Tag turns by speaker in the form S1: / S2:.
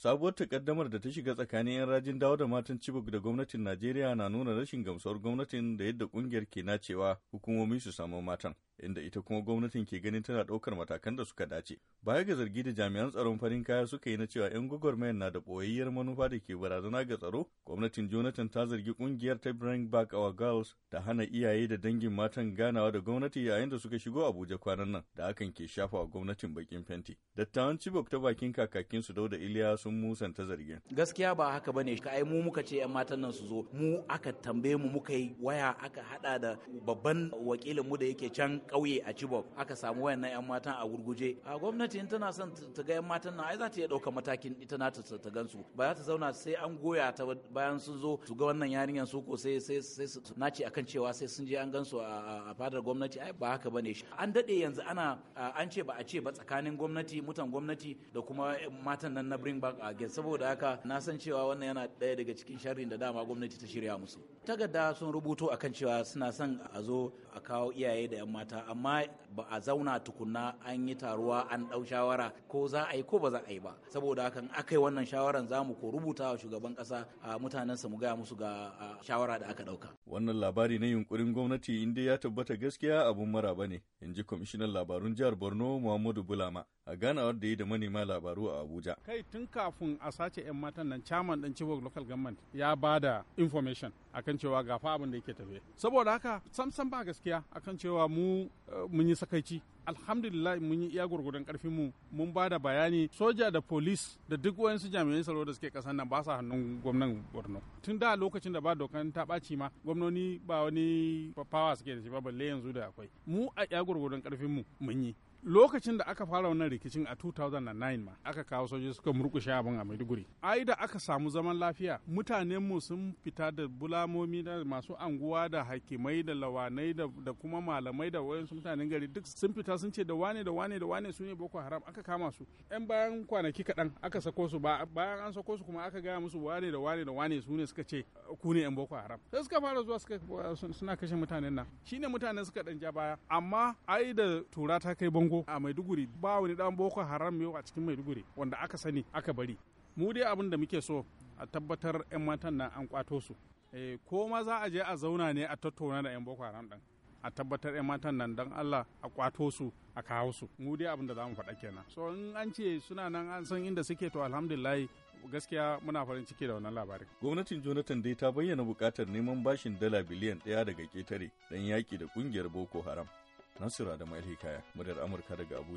S1: Sabuwar takaddamar da ta shiga tsakanin 'yan rajin dawo da matan Chibok da gwamnatin Najeriya na nuna rashin gamsuwar gwamnatin da yadda kungiyar ke nacewa hukumomi su samu matan. inda ita kuma gwamnatin ke ganin tana ɗaukar matakan da suka dace. Baya ga zargi da jami'an tsaron farin kaya suka yi na cewa 'yan gwagwarmayar na da ɓoyayyar manufa da ke barazana ga tsaro, gwamnatin Jonathan ta zargi ƙungiyar ta Bring Back Our Girls ta hana iyaye da dangin matan ganawa da gwamnati yayin da suka shigo Abuja kwanan nan, da hakan ke shafa wa gwamnatin bakin fenti. Dattawan Chibok ta bakin kakakin su Dauda Iliya sun
S2: musanta zargin. Gaskiya ba haka bane, ka ai mu muka ce 'yan matan nan su zo, mu aka tambaye mu muka yi waya aka hada da babban wakilin mu da yake can ƙauye a Chibok aka samu wayannan 'yan matan a gurguje a gwamnati in tana son ta ga 'yan matan nan ai za ta iya ɗauka matakin ita na ta ta gansu ba za ta zauna sai an goya ta bayan sun zo su ga wannan yarinyar su ko sai sai sai su nace akan cewa sai sun je an gansu a fadar gwamnati ai ba haka bane an dade yanzu ana an ce ba a ce ba tsakanin gwamnati mutan gwamnati da kuma matan nan na bring back gen saboda haka na san cewa wannan yana ɗaya daga cikin sharrin da dama gwamnati ta shirya musu takarda sun rubuto akan cewa suna son a zo a kawo iyaye da 'yan mata ta amma ba a zauna tukunna an yi taruwa an ɗau shawara ko za a yi ko ba za a yi ba saboda hakan aka yi wannan shawaran za mu ko rubuta wa shugaban ƙasa a mutanensa mu gaya musu ga shawara da aka ɗauka.
S1: Wannan labari na yunkurin gwamnati inda ya tabbata gaskiya abun maraba ne in ji kwamishinan labarun jihar Borno Muhammadu Bulama a ganawar da yi da manema labaru a Abuja.
S3: Kai tun kafin a sace 'yan matan nan caman dan Chibok Local Government ya ba da information akan cewa ga fa abin da yake tafe saboda haka samsam ba gaskiya akan cewa mu eh, mun yi sakaici alhamdulillah mun yi iya gurgudan karfin mu mun ba da bayani soja da polis da duk wayansu jami'an tsaro da suke kasan nan ba sa hannun gwamnan borno tun da lokacin da ba dokan ta ɓaci ma gwamnoni ba wani fawa suke da shi ba balle yanzu da akwai mu a iya gurgudan karfin mu mun yi lokacin da aka fara wannan rikicin a 2009 ma aka kawo sojoji suka murkushe abin a maiduguri ai da aka samu zaman lafiya mutanen mu sun fita da bulamomi da masu anguwa da hakimai da lawanai da kuma malamai da wayansu mutanen gari duk sun fita sun ce da wane da wane da wane su ne boko haram aka kama su yan bayan kwanaki kaɗan aka sako su ba bayan an sako su kuma aka gaya musu wane da wane da wane su ne suka ce ku ne yan boko haram sai suka fara zuwa suka suna kashe mutanen nan shine mutanen suka ɗan ja baya amma ai da tura ta kai bango zango a maiduguri ba wani dan boko haram yau a cikin maiduguri wanda aka sani aka bari mu dai abin da muke so a tabbatar 'yan matan nan an kwato su eh, ko ma za a je a zauna ne a tattauna da 'yan boko haram ɗin a tabbatar 'yan matan nan don Allah a kwato su a kawo su mu dai abin da za mu faɗa kenan so in an ce suna nan an san inda suke to alhamdulillah gaskiya muna farin ciki da wannan labari
S1: gwamnatin jonathan dai ta bayyana buƙatar neman bashin dala biliyan ɗaya daga ketare don yaƙi da ƙungiyar boko haram Nasiru Adamu Alhikaya, muryar Amurka daga Abuja.